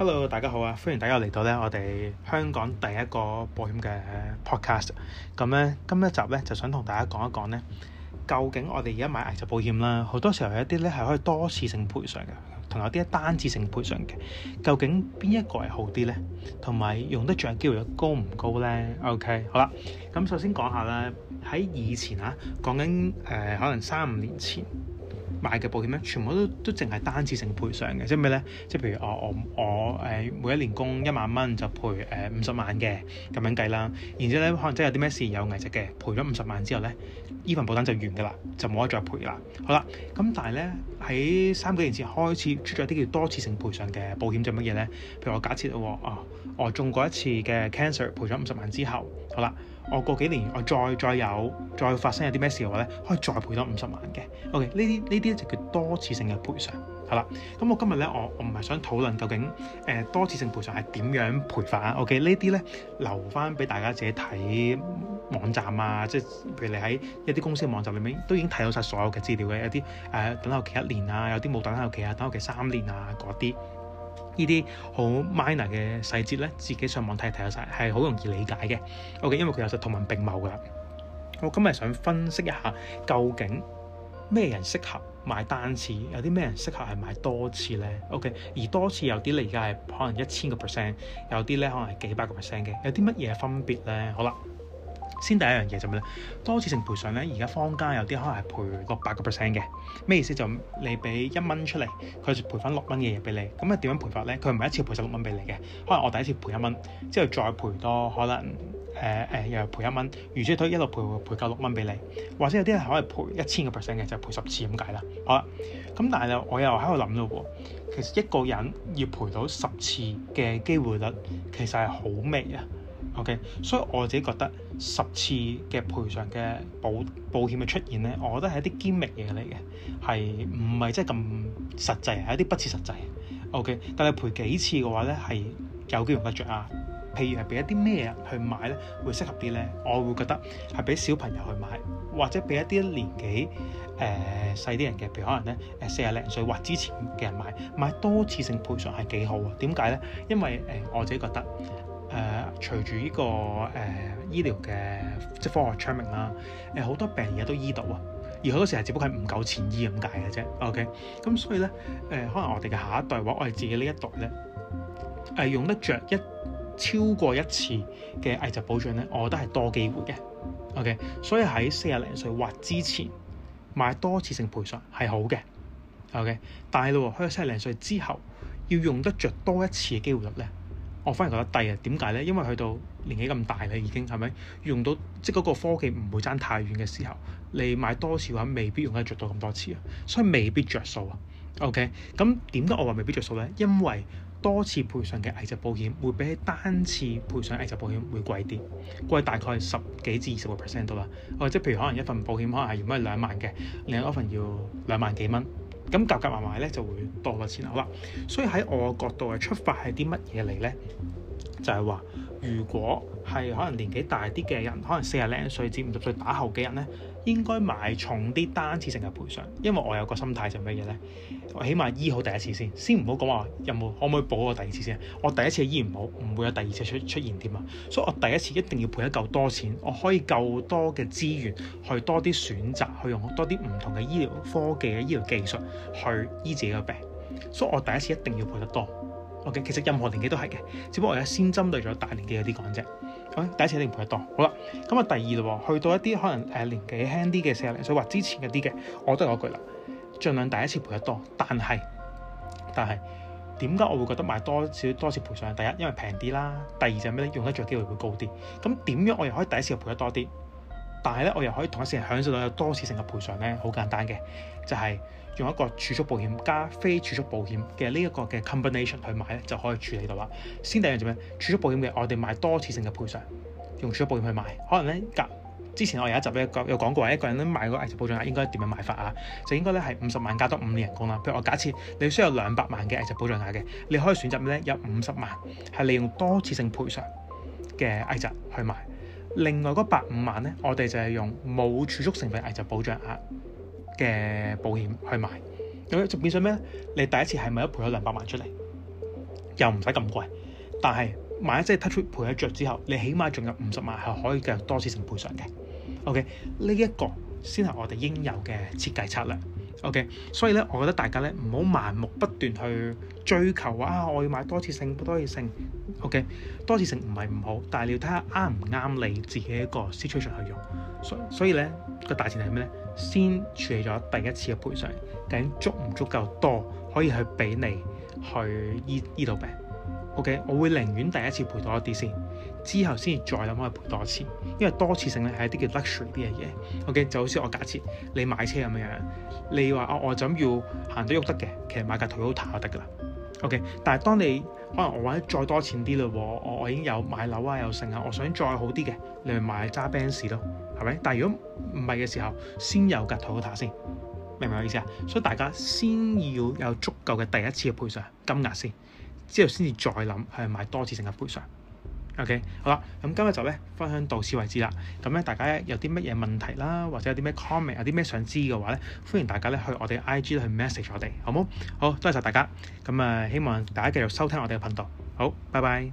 Hello，大家好啊！歡迎大家嚟到咧我哋香港第一個保險嘅 podcast。咁咧，今一集咧就想同大家講一講咧，究竟我哋而家買危疾保險啦，好多時候有一啲咧係可以多次性賠償嘅，同有啲單次性賠償嘅。究竟邊一個係好啲咧？同埋用得著嘅機會率高唔高咧？OK，好啦，咁首先講下咧，喺以前啊，講緊誒，可能三五年前。買嘅保險咧，全部都都淨係單次性賠償嘅，即係咩咧？即係譬如我我我誒每一年供一萬蚊就賠誒五十萬嘅咁樣計啦。然之後咧，可能真係有啲咩事有危疾嘅，賠咗五十萬之後咧，依份保單就完㗎啦，就冇得再賠啦。好啦，咁但係咧喺三幾年前開始出咗啲叫多次性賠償嘅保險，就係乜嘢咧？譬如我假設啦喎，啊、哦、我中過一次嘅 cancer，賠咗五十萬之後，好啦。我過幾年我再再有再發生有啲咩事嘅話咧，可以再賠多五十萬嘅。OK，呢啲呢啲就叫多次性嘅賠償，係啦。咁我今日咧，我我唔係想討論究竟誒、呃、多次性賠償係點樣賠法啊。OK，呢啲咧留翻俾大家自己睇網站啊，即係譬如你喺一啲公司嘅網站裏面都已經睇到晒所有嘅資料嘅，有啲誒、呃、等候期一年啊，有啲冇等候期啊，等候期三年啊嗰啲。呢啲好 minor 嘅細節咧，自己上網睇睇下曬，係好容易理解嘅。OK，因為佢有時圖文並茂噶啦。我今日想分析一下，究竟咩人適合買單次，有啲咩人適合係買多次咧？OK，而多次有啲你而家係可能一千個 percent，有啲咧可能係幾百個 percent 嘅，有啲乜嘢分別咧？好啦。先第一樣嘢就咩啦？多次性賠償咧，而家坊間有啲可能係賠六百個 percent 嘅。咩意思？就你俾一蚊出嚟，佢就賠翻六蚊嘅嘢俾你，咁啊點樣賠法咧？佢唔係一次賠十六蚊俾你嘅，可能我第一次賠一蚊，之後再賠多可能誒誒、呃呃、又係賠一蚊，如此類推一路賠賠夠六蚊俾你，或者有啲人可以係賠一千個 percent 嘅，就係、是、賠十次咁解啦。好啦，咁但係咧我又喺度諗咯喎，其實一個人要賠到十次嘅機會率其實係好微啊。OK，所以我自己覺得。十次嘅賠償嘅保保險嘅出現咧，我覺得係一啲 gimmick 嘢嚟嘅，係唔係真係咁實際，係一啲不切實際。OK，但係賠幾次嘅話咧，係有機會嘅着啊。譬如係俾一啲咩人去買咧，會適合啲咧？我會覺得係俾小朋友去買，或者俾一啲年紀誒細啲人嘅，譬如可能咧誒四十零歲或之前嘅人買，買多次性賠償係幾好啊。點解咧？因為誒、呃、我自己覺得。誒、呃、隨住呢、這個誒、呃、醫療嘅即係科學昌明啦，誒好多病而家都醫到啊，而好多時係只不過係唔夠錢醫咁解嘅啫。OK，咁所以咧誒、呃，可能我哋嘅下一代或者我哋自己呢一代咧，誒、呃、用得着一超過一次嘅危疾保障咧，我覺得係多機會嘅。OK，所以喺四廿零歲或之前買多次性賠償係好嘅。OK，但係嘞喎，喺、呃、四廿零歲之後要用得着多一次嘅機會率咧。我反而覺得低啊！點解呢？因為去到年紀咁大啦，已經係咪用到即嗰個科技唔會差太遠嘅時候，你買多次嘅話，未必用得着到咁多次啊，所以未必着數啊。OK，咁點解我話未必着數呢？因為多次賠償嘅危疾保險會比單次賠償嘅危疾保險會貴啲，貴大概十幾至二十個 percent 到啦。哦，即譬如可能一份保險可能係原本兩萬嘅，另一份要兩萬幾蚊。咁夾夾埋埋咧就會多咗錢，好啦，所以喺我角度嘅出發係啲乜嘢嚟咧？就係、是、話，如果係可能年紀大啲嘅人，可能四廿零歲至五十歲打後嘅人咧。應該買重啲單次性嘅賠償，因為我有個心態就咩嘢呢？我起碼醫好第一次先，先唔好講話有冇可唔可以補我第二次先。我第一次醫唔好，唔會有第二次出出現添啊！所以我第一次一定要賠得夠多錢，我可以夠多嘅資源去多啲選擇，去用多啲唔同嘅醫療科技嘅醫療技術去醫自己嘅病。所以我第一次一定要賠得多。OK，其實任何年紀都係嘅，只不過我而家先針對咗大年紀嗰啲講啫。第一次一定賠得多，好啦，咁啊第二嘞，去到一啲可能誒年紀輕啲嘅四十零歲或之前嗰啲嘅，我都係嗰句啦，儘量第一次賠得多，但係但係點解我會覺得買多少多次賠償？第一，因為平啲啦，第二就係咩咧，用得着機會會高啲。咁點樣我亦可以第一次賠得多啲？但係咧，我又可以同一時享受到有多次性嘅賠償咧，好簡單嘅，就係用一個儲蓄保險加非儲蓄保險嘅呢一個嘅 combination 去買咧，就可以處理到啦。先第二樣做咩？儲蓄保險嘅我哋買多次性嘅賠償，用儲蓄保險去買，可能咧隔之前我有一集咧有講過一個人咧買個危疾保障額應該點樣買法啊？就應該咧係五十萬加多五年人工啦。譬如我假設你需要兩百萬嘅危疾保障額嘅，你可以選擇咧有五十萬係利用多次性賠償嘅危疾去買。另外嗰百五萬呢，我哋就係用冇儲蓄成分危疾保障額嘅保險去買，咁就變咗咩咧？你第一次係咪都賠咗兩百萬出嚟？又唔使咁貴，但係買一隻 Touch 賠咗着之後，你起碼仲有五十萬係可以繼續多次性賠償嘅。OK，呢一個先係我哋應有嘅設計策略。OK，所以咧，我覺得大家咧唔好盲目不斷去追求啊！我要買多次性，多次性，OK，多次性唔係唔好，但係你要睇下啱唔啱你自己一個 situation 去用。所以所以咧個大前提係咩咧？先處理咗第一次嘅賠償，究竟足唔足夠多可以去俾你去醫醫到病。OK，我會寧願第一次多賠多一啲先。之後先至再諗去賠多次，因為多次性咧係一啲叫 luxury 啲嘅嘢。OK，就好似我假設你買車咁樣，你話我、哦、我就咁要行得喐得嘅，其實買架 Toyota 就得噶啦。OK，但係當你可能我揾得再多錢啲嘞，我我已經有買樓啊又剩啊，我想再好啲嘅，你咪買揸 Benz 咯，係咪？但係如果唔係嘅時候，先有架 Toyota 先，明唔明我意思啊？所以大家先要有足夠嘅第一次嘅賠償金額先，之後先至再諗去買多次性嘅賠償。O.K. 好啦，咁今日就咧分享到此為止啦。咁咧，大家有啲乜嘢問題啦，或者有啲咩 comment，有啲咩想知嘅話咧，歡迎大家咧去我哋 I.G. 去 message 我哋，好冇？好，多謝曬大家。咁啊，希望大家繼續收聽我哋嘅頻道。好，拜拜。